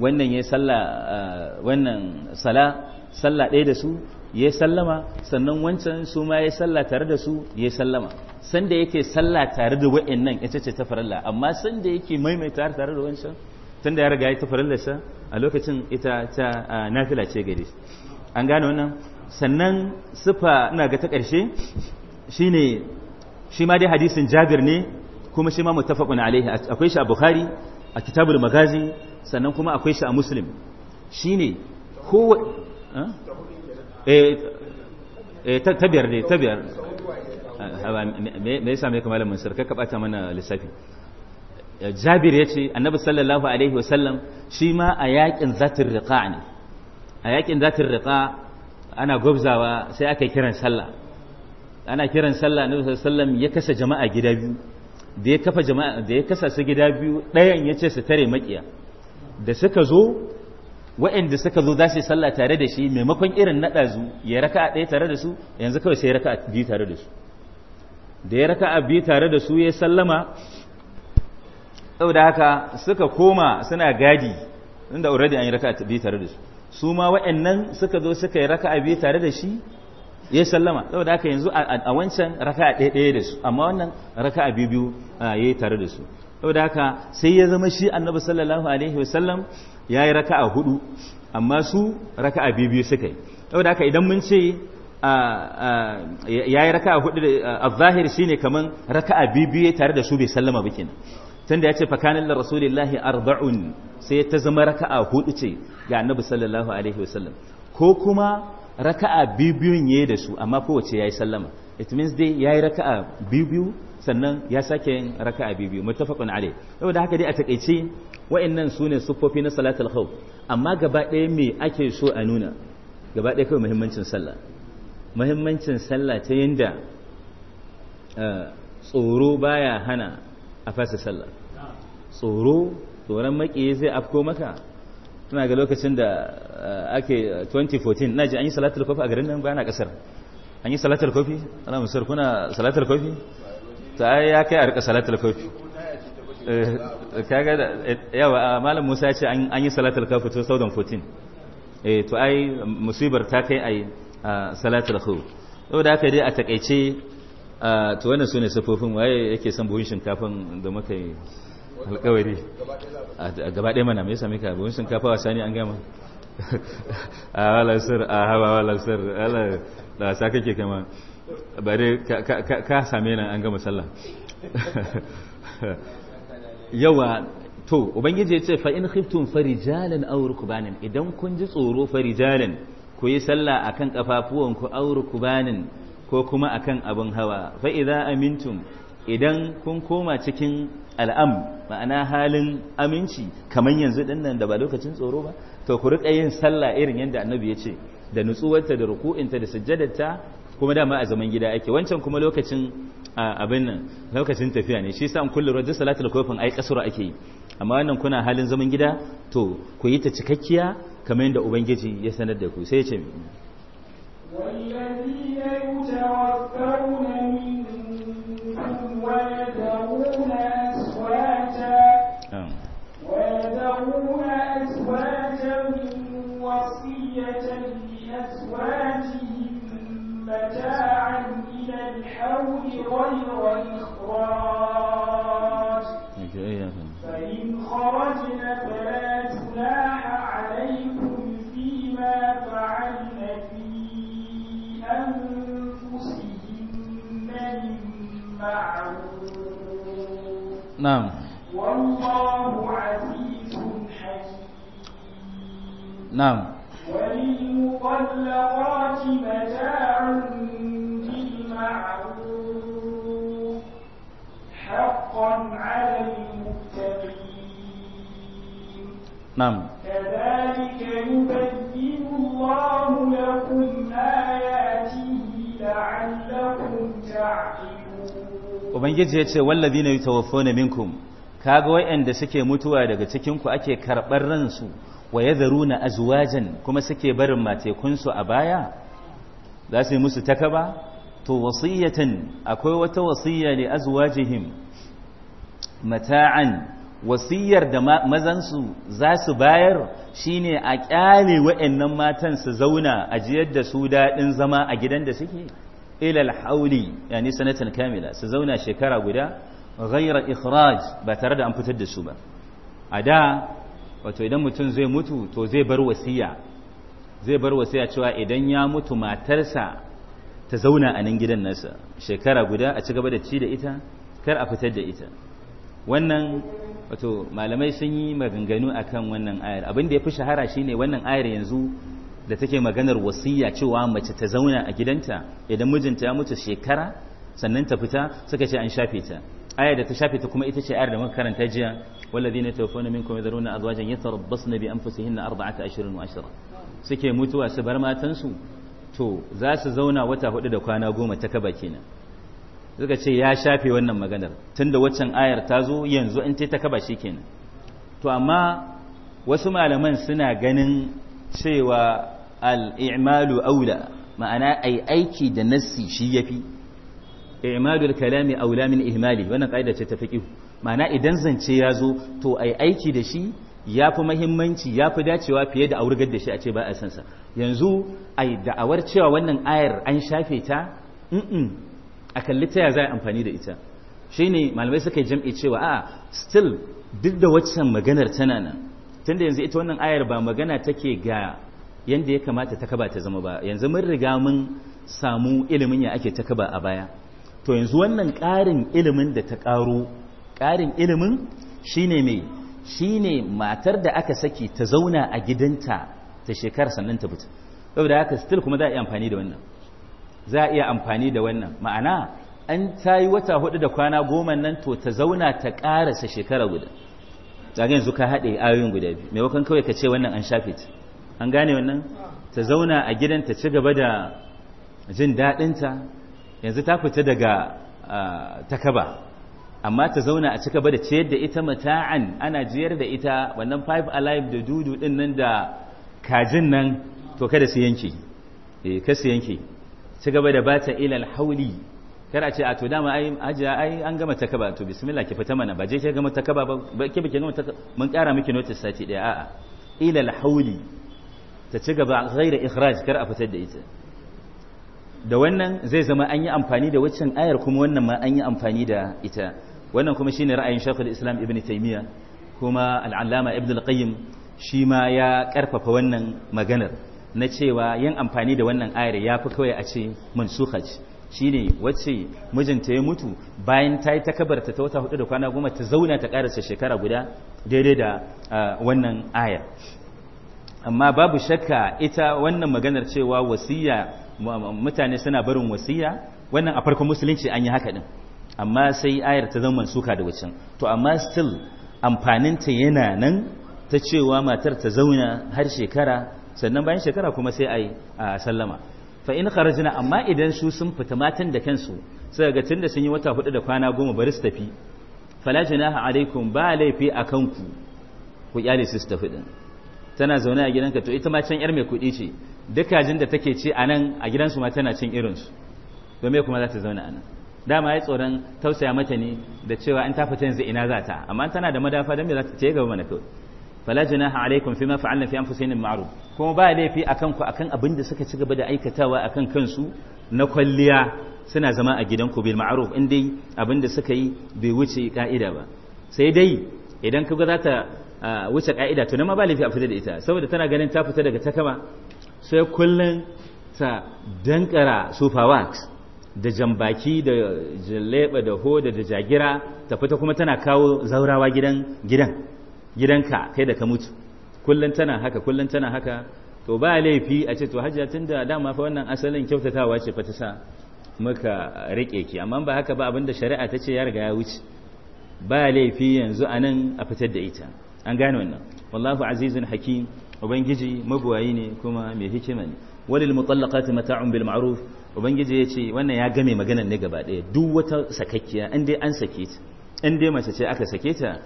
wannan ya salla eh, wannan sala salla ɗaya da su ya sallama sannan wancan su ma ya salla tare da su ya sallama sanda yake salla tare da wa'annan ita ce ta farilla amma sanda yake maimaita tare da wancan tunda ya riga ya ta farallarsa a lokacin ita ta nafila ce gare shi an gane wannan sannan sufa ina ga ta ƙarshe shine shi ma dai hadisin jabir ne kuma shi ma mutafakun alaihi akwai shi a bukhari a kitabul magazi sannan kuma akwai shi a muslim shi ko eh, eh ta biyar ne ta biyar me yasa mai kamalan mansur kakka bata mana lissafi Eh, jabir ya ce annabi sallallahu alaihi wasallam shi ma a yakin zatin riƙa ne a yakin zatin riƙa ana gwabzawa sai aka kiran sallah ana kiran sallah annabi sallallahu ya kasa jama'a gida biyu da ya kafa jama'a da ya kasa su gida biyu ɗayan ya ce su tare makiya da suka zo waɗanda suka zo za su yi sallah tare da shi maimakon irin naɗa zu ya raka a ɗaya tare da su yanzu kawai sai raka a biyu tare da su da ya raka a biyu tare da su ya sallama saboda haka suka koma suna gadi inda already an yi raka biyu tare da su su ma waɗannan suka zo suka yi raka biyu tare da shi ya sallama saboda haka yanzu a wancan raka ɗaya ɗaya da su amma wannan raka biyu biyu ya yi tare da su saboda haka sai ya zama shi annabi sallallahu alaihi wasallam ya yi a hudu amma su raka biyu biyu suka yi saboda haka idan mun ce ya yi a hudu a zahiri shine kaman raka biyu biyu tare da su bai sallama ba kenan tunda ya ce fakanin da rasulillahi arba'un sai ta zama raka'a hudu ce ga annabi sallallahu alaihi wasallam ko kuma raka'a bibiyun ya da su amma kowace ya yi sallama it means dai ya yi raka'a bibiyu sannan ya sake yin raka'a bibiyu mutafakun alai da haka dai a takaice wa'annan su ne siffofi na salatul khawf amma gaba ɗaya me ake so a nuna gaba ɗaya kawai muhimmancin sallah muhimmancin sallah ta yanda eh, tsoro baya hana a fasa sallah tsoro tsoron makiye zai afko maka tana ga lokacin da eh, ake 2014 eh, na ji an yi salatul kofi a garin nan bayan a kasar an yi salatul kofi ana musar kuna salatul kofi ta ya kai a rika salatul kofi eh, kaga da yawa malam musa ce an yi salatul kofi 2014 eh to ai musibar ta kai ai salatul kofi da aka yi a takaice a to wannan sune sifofin waye yake son buhun shinkafan da muka yi alƙawari a gaba ɗaya mana me yasa muka buhun shinkafa wasa ne an gama a halar sir a hawa halar sir halar da wasa kake kama bare ka same nan an gama sallah yawa to ubangiji ya ce fa in khiftum farijalan aw rukbanan idan kun ji tsoro farijalan ku yi sallah akan kafafuwanku aw rukbanan ko kuma akan abin hawa fa idza amintum idan kun koma cikin al'am ma'ana halin aminci kamar yanzu dinnan da ba lokacin tsoro ba to ku riƙa yin sallah irin yadda annabi ya ce da nutsuwarta da ruku'inta da sujjadarta kuma dama a zaman gida ake wancan kuma lokacin abin nan lokacin tafiya ne shi yasa an kullu rajul salatul kofin ai kasura ake yi amma wannan kuna halin zaman gida to ku yi ta cikakkiya kamar yadda ubangiji ya sanar da ku sai ya ce والذين يتوفون منكم نعم. ويذرون أزواجا وصية لأزواجهم متاعا إلى الحول غير إخراج معروف نعم والله عزيز حكيم نعم وللمطلقات متاع بالمعروف حقا على المتقين نعم ubangiji ya ce wallazi na yutawaffawna minkum kaga wayanda suke mutuwa daga cikin ku ake karbar ransu wa yadharuna azwajan kuma suke barin matekunsu a baya za su yi musu takaba to wasiyatan akwai wata wasiya ne azwajihim mata'an wasiyar da mazansu za su bayar shine a kyale wayannan matan su zauna a jiyar da su daɗin zama a gidan da suke ila hauli yani sanatan kamila su zauna shekara guda ghayra ikhraj ba tare da an fitar da su ba a da wato idan mutum zai mutu to zai bar wasiya zai bar wasiya cewa idan ya mutu matarsa ta zauna a nan gidan nasa shekara guda a ci da ci da ita kar a fitar da ita wannan wato malamai sun yi maganganu akan wannan ayar abin da ya fi shahara shine wannan ayar yanzu da take maganar wasiya cewa mace ta zauna a gidanta idan mijinta ya mutu shekara sannan ta fita suka ce an shafe ta aya da ta shafe ta kuma ita ce ayar da muka karanta jiya walladhina tawaffawna minkum yadhuruna azwajan yatarabbasna bi anfusihinna arba'ata ashrin wa ashra suke mutuwa su bar matansu to za su zauna wata hudu da kwana goma ta kaba kenan suka ce ya shafe wannan maganar tunda waccan ayar ta zo yanzu in ta kaba kenan to amma wasu malaman suna ganin cewa al-i'malu aula ma'ana ai aiki da nassi shi yafi i'malul kalami aula min ihmali wannan kaida ce ta fiqh ma'ana idan zance ya zo to ai aiki da shi ya fi mahimmanci ya fi dacewa fiye da aurgar da shi a ce ba a sansa yanzu ai da'awar cewa wannan ayar an shafe ta a kalli ta ya za a amfani da ita shine malamai suka yi jam'i cewa a still duk da waccan maganar tana nan tunda yanzu ita wannan ayar ba magana take ga yanda ya kamata takaba ta zama ba yanzu mun riga mun samu ilimin ya ake takaba a baya to yanzu wannan ƙarin ilimin da ta ƙaro ƙarin ilimin shine mai shine matar da aka saki ta zauna a gidanta ta shekar sannan ta fita saboda haka still kuma za a iya amfani da wannan za a iya amfani da wannan ma'ana an ta yi wata hudu da kwana goma nan to ta zauna ta ƙarasa shekara guda zaga yanzu ka haɗe ayoyin guda biyu maimakon kawai ka ce wannan an shafe ta an gane wannan ta zauna a gidan ta ci gaba da jin daɗinta yanzu ta fita daga takaba amma ta zauna a ci gaba da ciyar da ita mata'an ana jiyar da ita wannan five alive da dudu din nan da kajin nan to kada su yanke eh kada su yanke ci gaba da bata ilal hauli kada ce a to dama ai ajiya ai an gama takaba to bismillah ki fita mana ba je ki gama takaba ba ki ba ki gama takaba mun kara miki notice sati daya a'a ilal hauli ta ci gaba ghaira ikhraj kar a fitar da ita da wannan zai zama an yi amfani da waccan ayar kuma wannan ma an yi amfani da ita wannan kuma shine ra'ayin shakul islam ibn taymiya kuma al-allama ibn al-qayyim shi ma ya karfafa wannan maganar na cewa yin amfani da wannan ayar ya fi kawai a ce mansukha ce shine wacce mijinta ya mutu bayan ta yi takabarta ta wata hudu da kwana goma ta zauna ta karasa shekara guda daidai da ah, wannan ayar amma babu shakka ita wannan maganar cewa wasiya mutane suna barin wasiya wannan a farkon musulunci an yi haka din amma sai ayar ta zama suka da wucin to amma still amfaninta yana nan ta cewa matar ta zauna har shekara sannan bayan shekara kuma sai a yi a sallama fa in kharajna amma idan su sun fita matan da kansu sai ga tunda sun yi wata hudu da kwana goma bari su tafi fala jinaha alaikum ba laifi akan ku ku iyali su tafi din tana zaune a gidanka to ita ma can yar mai kuɗi ce duk da take ci a nan a gidansu ma tana cin irinsu to kuma za ta zauna a nan dama ya tsoron tausaya mata ne da cewa an ta fita yanzu ina za ta amma tana da madafa don me za ta ce gaba mana kawai fala junaha alaikum fima fa'alna fi anfusina ma'ruf kuma ba laifi akan ku akan abin da suka ci gaba da aikatawa akan kansu na kwalliya suna zama a gidan gidanku bil ma'ruf in dai abin da suka yi bai wuce ka'ida ba sai dai idan ga za ta wuce ka'ida to nan ma ba laifi a fita da ita saboda tana ganin ta fita daga takama sai kullun ta dankara super wax da jambaki da jaleba da hoda da jagira ta fita kuma tana kawo zaurawa gidan gidan gidanka kai da ka mutu kullun tana haka kullun tana haka to ba laifi a ce to hajjia tunda dama fa wannan asalin kyautatawa ce fa ta sa muka rike ki amma ba haka ba abinda shari'a ta ce ya riga ya wuce ba laifi yanzu anan a fitar da ita an gane wannan wallahu azizun hakim ubangiji mabuwayi ne kuma mai hikima ne walil mutallaqati mata'un bil ma'ruf ubangiji yace wannan ya game magana ne gaba daya duk wata sakakkiya in dai an sake ta in dai mace ce aka sake ta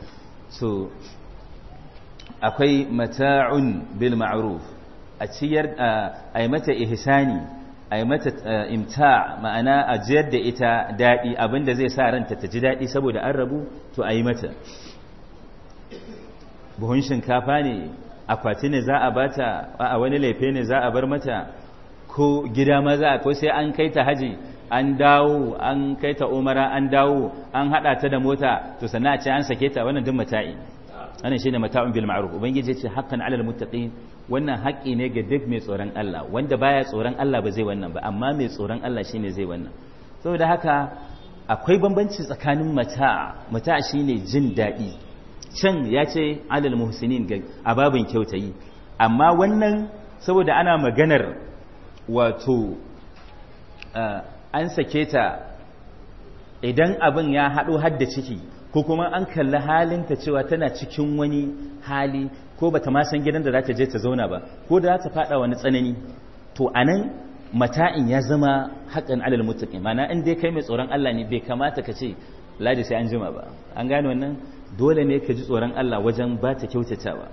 so akwai mata'un bil ma'ruf a ciyar a mata ihsani a mata imta ma'ana ajiyar da ita daɗi abinda zai sa ranta ta ji daɗi saboda an rabu to a yi mata buhun shinkafa ne akwati ne za a bata a wani laife ne za a bar mata ko gida maza ko sai an kai ta haji an dawo an kai ta umara an dawo an hada ta da mota to sannan ce an sake ta wannan duk mata'i wannan shine mata'un bil ma'ruf ubangiji ce haqqan 'alal muttaqin wannan haƙƙi ne ga duk mai tsoron Allah wanda baya tsoron Allah ba zai wannan ba amma mai tsoron Allah shine zai wannan saboda haka akwai bambanci tsakanin mata mata shine jin daɗi can ya ce alal muhsinin a babin yi amma wannan saboda ana maganar wato an sake ta idan abin ya haɗo hadda ciki ko kuma an kalli halinta cewa tana cikin wani hali ko ba ta masan gidan da za ta je ta zauna ba ko da za ta faɗa wani tsanani to a nan mata'in ya zama haƙan alal mutuƙi mana in dai kai mai tsoron Allah ne bai kamata ka ce ladi sai an jima ba an gane wannan dole ne ka ji tsoron Allah wajen ba ta kyautatawa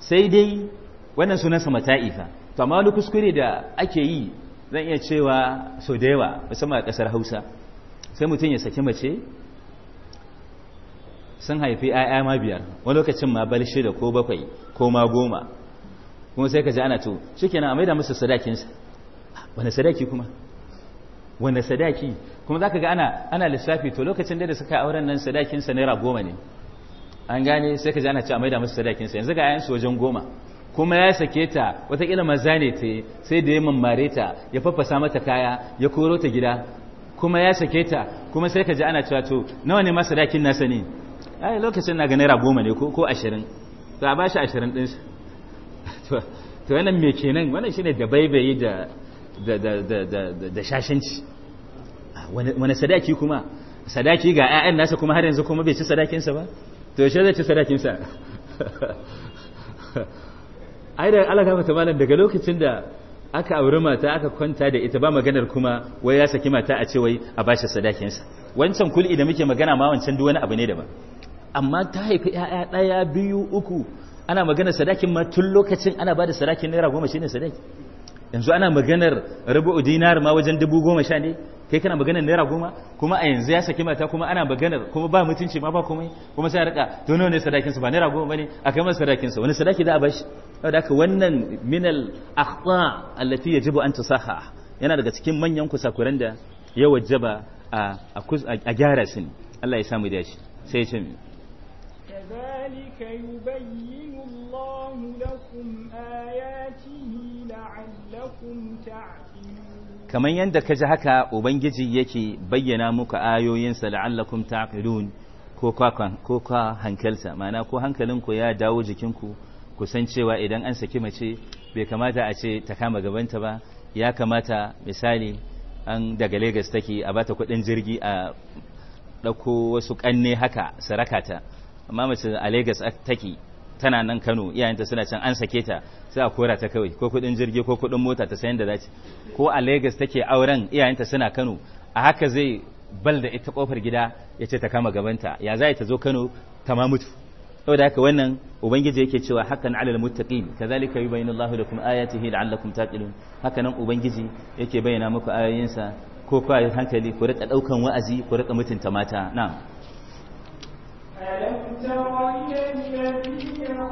sai dai wannan sunansa mata'ifa to amma wani kuskure da ake yi zan iya cewa so da yawa musamman a ƙasar hausa sai mutum ya saki mace sun haifi ‘ya'ya ma biyar wani lokacin ma bal shida ko bakwai ko ma goma kuma sai ka ji ana to shi kenan a maida musu sadakinsa wani sadaki kuma wani sadaki kuma za ka ga ana lissafi to lokacin da suka auren nan sadakinsa naira goma ne an gane sai ka jana ce a maida musu sadakinsa yanzu ga yayansu wajen goma kuma ya sake ta watakila maza ne ta sai da ya mammare ta ya faffasa mata kaya ya koro ta gida kuma ya sake ta kuma sai ka ji ana cewa to nawa ne masa sadakin nasa ne ai lokacin na ga naira goma ne ko ashirin to a bashi ashirin ɗin shi to yanan me kenan wannan ne da baibayi da da da da shashanci ah, wani sadaki kuma sadaki ga 'ya'yan nasa kuma har yanzu kuma bai ci sadakinsa ba to shi zai ci sadakinsa ai da Allah gafarta malam daga lokacin da aka auri mata aka kwanta da ita ba maganar kuma wai ya saki mata a ce wai a bashi sadakinsa wancan kul'i da muke magana ma wancan duk wani abu ne daban amma ta haifi yaya ɗaya biyu uku ana maganar sadakin ma tun lokacin ana ba da sadakin naira goma shine sadaki yanzu ana maganar rubu'u dinar ma wajen dubu goma sha ne kai kana maganar naira goma kuma a yanzu ya saki mata kuma ana maganar kuma ba mutunci ma ba komai kuma sai a rika to nawa ne sadakin sa ba naira goma ne a kai masa sadakin sa wani sadaki da a bashi saboda haka wannan min al akhta allati yajibu an tusaha yana daga cikin manyan kusakuran da ya wajaba a a gyara su ne Allah ya samu da shi sai ya ce mi كذلك يبين الله لكم آياته لعلكم تعلمون kamar yadda ka ji haka ubangiji yake bayyana muku ayoyinsa la'allakum ta'qilun ko ko ka hankalta ma'ana ko hankalinku ya dawo jikinku ku san cewa idan an saki mace bai kamata a ce ta kama gabanta ba ya kamata misali an daga Lagos take a bata kudin jirgi a dauko wasu kanne haka sarakata amma mace a Lagos take tana nan Kano iyayenta suna can an sake ta sai a kora ta kawai ko kudin jirgi ko kudin mota ta sayan da zaci ko a Lagos take auren iyayenta suna Kano a haka zai bal da ita kofar gida ya ce ta kama gabanta ya za ta zo Kano ta ma mutu saboda haka wannan ubangiji yake cewa hakan alal muttaqin kazalika yubayyinu Allahu lakum ayatihi la'allakum taqilun haka nan ubangiji yake bayyana muku ayoyinsa ko ku ayi hankali ku rika daukan wa'azi ku rika mutunta mata na'am alam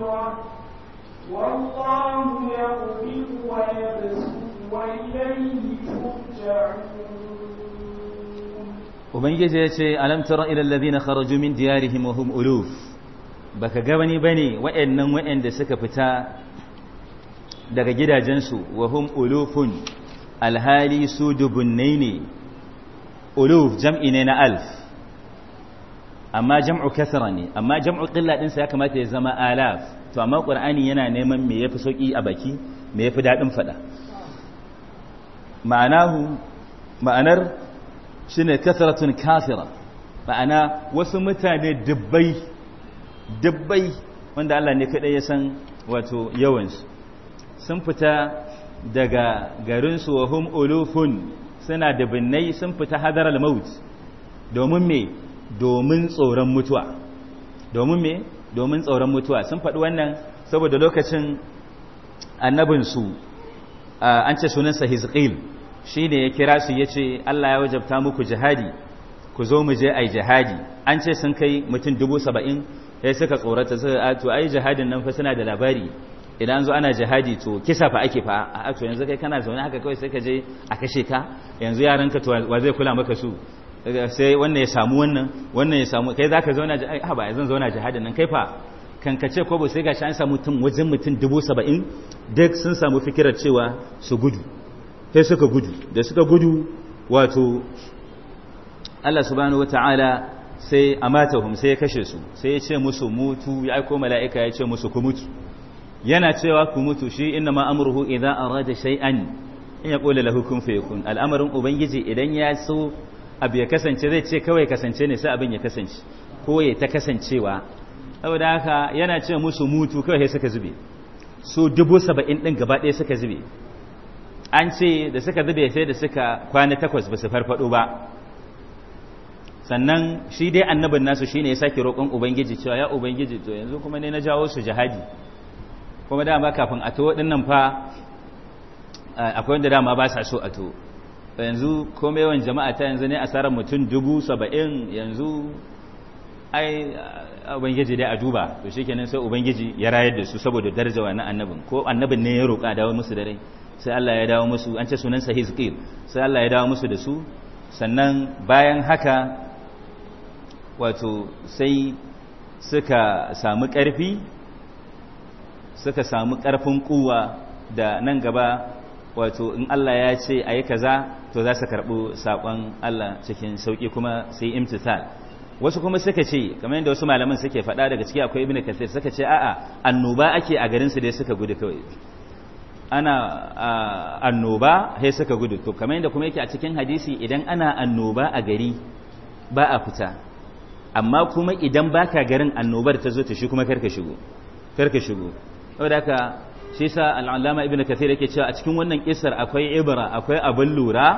والله ويبسط وإليه ترجعون Ubangiji ya ce, Alam tara ila kharaju min diyarihim wa hum uluf. Baka gani ba bane wa'annan wa'anda suka fita daga gidajensu wa hum ulufun alhali su dubunnai ne. Uluf jam'i ne na alf. amma jam'u kasara ne amma jam'u qilla din sa ya kamata ya zama alaf to amma qur'ani yana neman me yafi sauki a baki me yafi dadin fada ma'anahu ma'anar shine kasaratun kasira ma'ana wasu mutane dubbai dubbai wanda Allah ne kadai ya san wato yawansu. sun fita daga garin su wa hum ulufun suna dubinnai sun fita hadaral maut domin me domin tsoron mutuwa domin me domin tsoron mutuwa sun faɗi wannan saboda lokacin annabinsu an ce sunansa hizqil shi ne ya kira su ya ce Allah ya wajabta muku jihadi ku zo mu je a jihadi an ce sun kai mutum dubu saba'in sai suka tsorata suka a to ai jihadin nan fa suna da labari idan zo ana jihadi to kisa fa ake fa a to yanzu kai kana zaune haka kawai sai ka je a kashe ka yanzu yaranka to wa zai kula maka su sai wannan ya samu wannan wannan ya samu kai zaka zauna ai ba yanzu zauna jihadin nan kai fa kankace ko ba sai gashi an samu mutum wajen mutum 70 duk sun samu fikirar cewa su gudu sai suka gudu da suka gudu wato Allah subhanahu wataala sai amatahum sai ya kashe su sai ya ce musu mutu ya aiko mala'ika ya ce musu ku mutu yana cewa ku mutu shi inna ma amruhu idza arada shay'an in yaqulu lahu kun fayakun al'amarin ubangiji idan ya so abu ya kasance zai ce kawai kasance ne sai abin ya kasance ko ya ta kasancewa saboda haka yana ce musu mutu kawai suka zube su dubu saba'in ɗin gaba ɗaya suka zube an ce da suka zube sai da suka kwana takwas ba su farfado ba sannan shi dai annabin nasu shi ne ya sake roƙon ubangiji cewa ya ubangiji to yanzu kuma ne na jawo su jihadi kuma dama kafin a to waɗannan fa akwai wanda dama ba sa so a to yanzu komai yawan jama'a ta yanzu ne a tsarar mutum dubu saba'in yanzu ai ubangiji dai a duba to kenan sai ubangiji ya rayar da su saboda daraja na annabin ko annabin ne ya roƙa dawo musu da rai sai Allah ya dawo musu an ce sunan sa zikir sai Allah ya dawo musu da su sannan bayan haka wato sai suka samu ƙarfi suka samu ƙarfin kuwa da nan gaba wato in Allah ya ce a yi kaza to za su karɓi saƙon Allah cikin sauƙi kuma su yi imtisal wasu kuma suka ce kamar yadda wasu malaman suke faɗa daga ciki akwai ibnu kasir suka ce a'a annoba ake a garin su dai suka gudu kawai ana annoba sai suka gudu to kamar yadda kuma yake a cikin hadisi idan ana annoba a gari ba a fita amma kuma idan baka garin annobar ta zo ta shi kuma karka shigo karka shigo saboda haka shi sa al'allama ibn kathir yake cewa a cikin wannan kisar akwai ibra akwai abin lura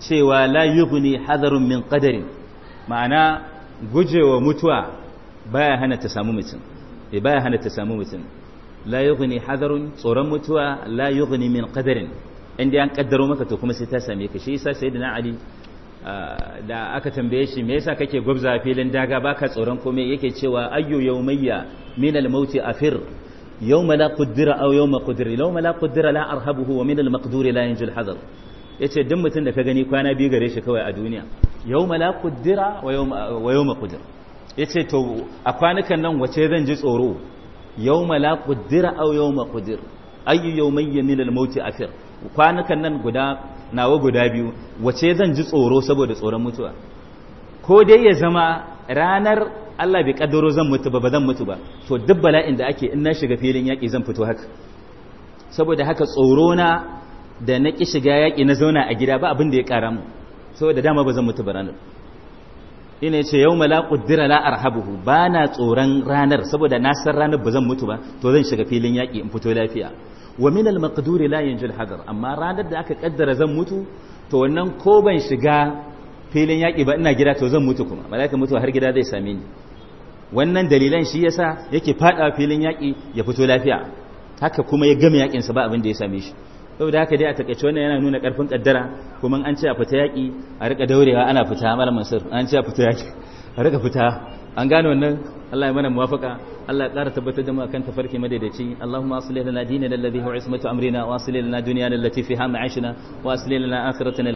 cewa la yughni hadarun min qadarin ma'ana gujewa mutuwa baya hana ta samu mutum e baya hana ta samu mutum la yughni hadarun tsoron mutuwa la yughni min qadarin inda an kaddaro maka to kuma sai ta same ka shi yasa sayyidina ali ah, da aka tambaye shi me yasa kake gubza filin daga baka tsoron komai yake cewa ayyu yawmayya min al-mauti afir yawma la quddira aw yawma qudira la quddira la arhabuhu wa min al maqdur la yanju al hadar yace duk mutum da ka gani kwana biyu gare shi kawai a duniya yawma la quddira wa yawma wa yawma qudira yace to a kwanukan nan wace zan ji tsoro yawma la quddira aw yawma qudir ayyu yawmayya min al mauti afir kwanukan nan guda nawa guda biyu wace zan ji tsoro saboda tsoron mutuwa ko dai ya zama ranar Allah bai kaddaro zan mutu ba ba mutu ba to duk bala'in da ake in na shiga filin yaƙi zan fito haka saboda haka tsoro na da na ƙi shiga yaƙi na zauna a gida ba abin da ya ƙara mu saboda dama ba zan mutu ba ranar ina ce yau mala ƙuddira la arhabuhu ba na tsoron ranar saboda na san ranar ba zan mutu ba to zan shiga filin yaƙi in fito lafiya wa min al maqduri la yanjil hadar amma ranar da aka kaddara zan mutu to wannan ko ban shiga filin yaƙi ba ina gida to zan mutu kuma malaka mutu har gida zai same ni wannan dalilan shi yasa yake fada filin yaƙi ya fito lafiya haka kuma ya gama yakin sa ba abin da ya same shi saboda haka dai a takaice wannan yana nuna karfin kaddara kuma an ce a fita yaƙi a rika daurewa ana fita malam mansur an ce a fita yaƙi a rika fita an gane wannan Allah ya mana muwafaka Allah ya ƙara tabbatar da mu akan tafarki madaidaici Allahumma aslih lana dinana alladhi huwa ismatu amrina wa aslih lana dunyana allati fiha ma'ashina wa aslih lana akhiratana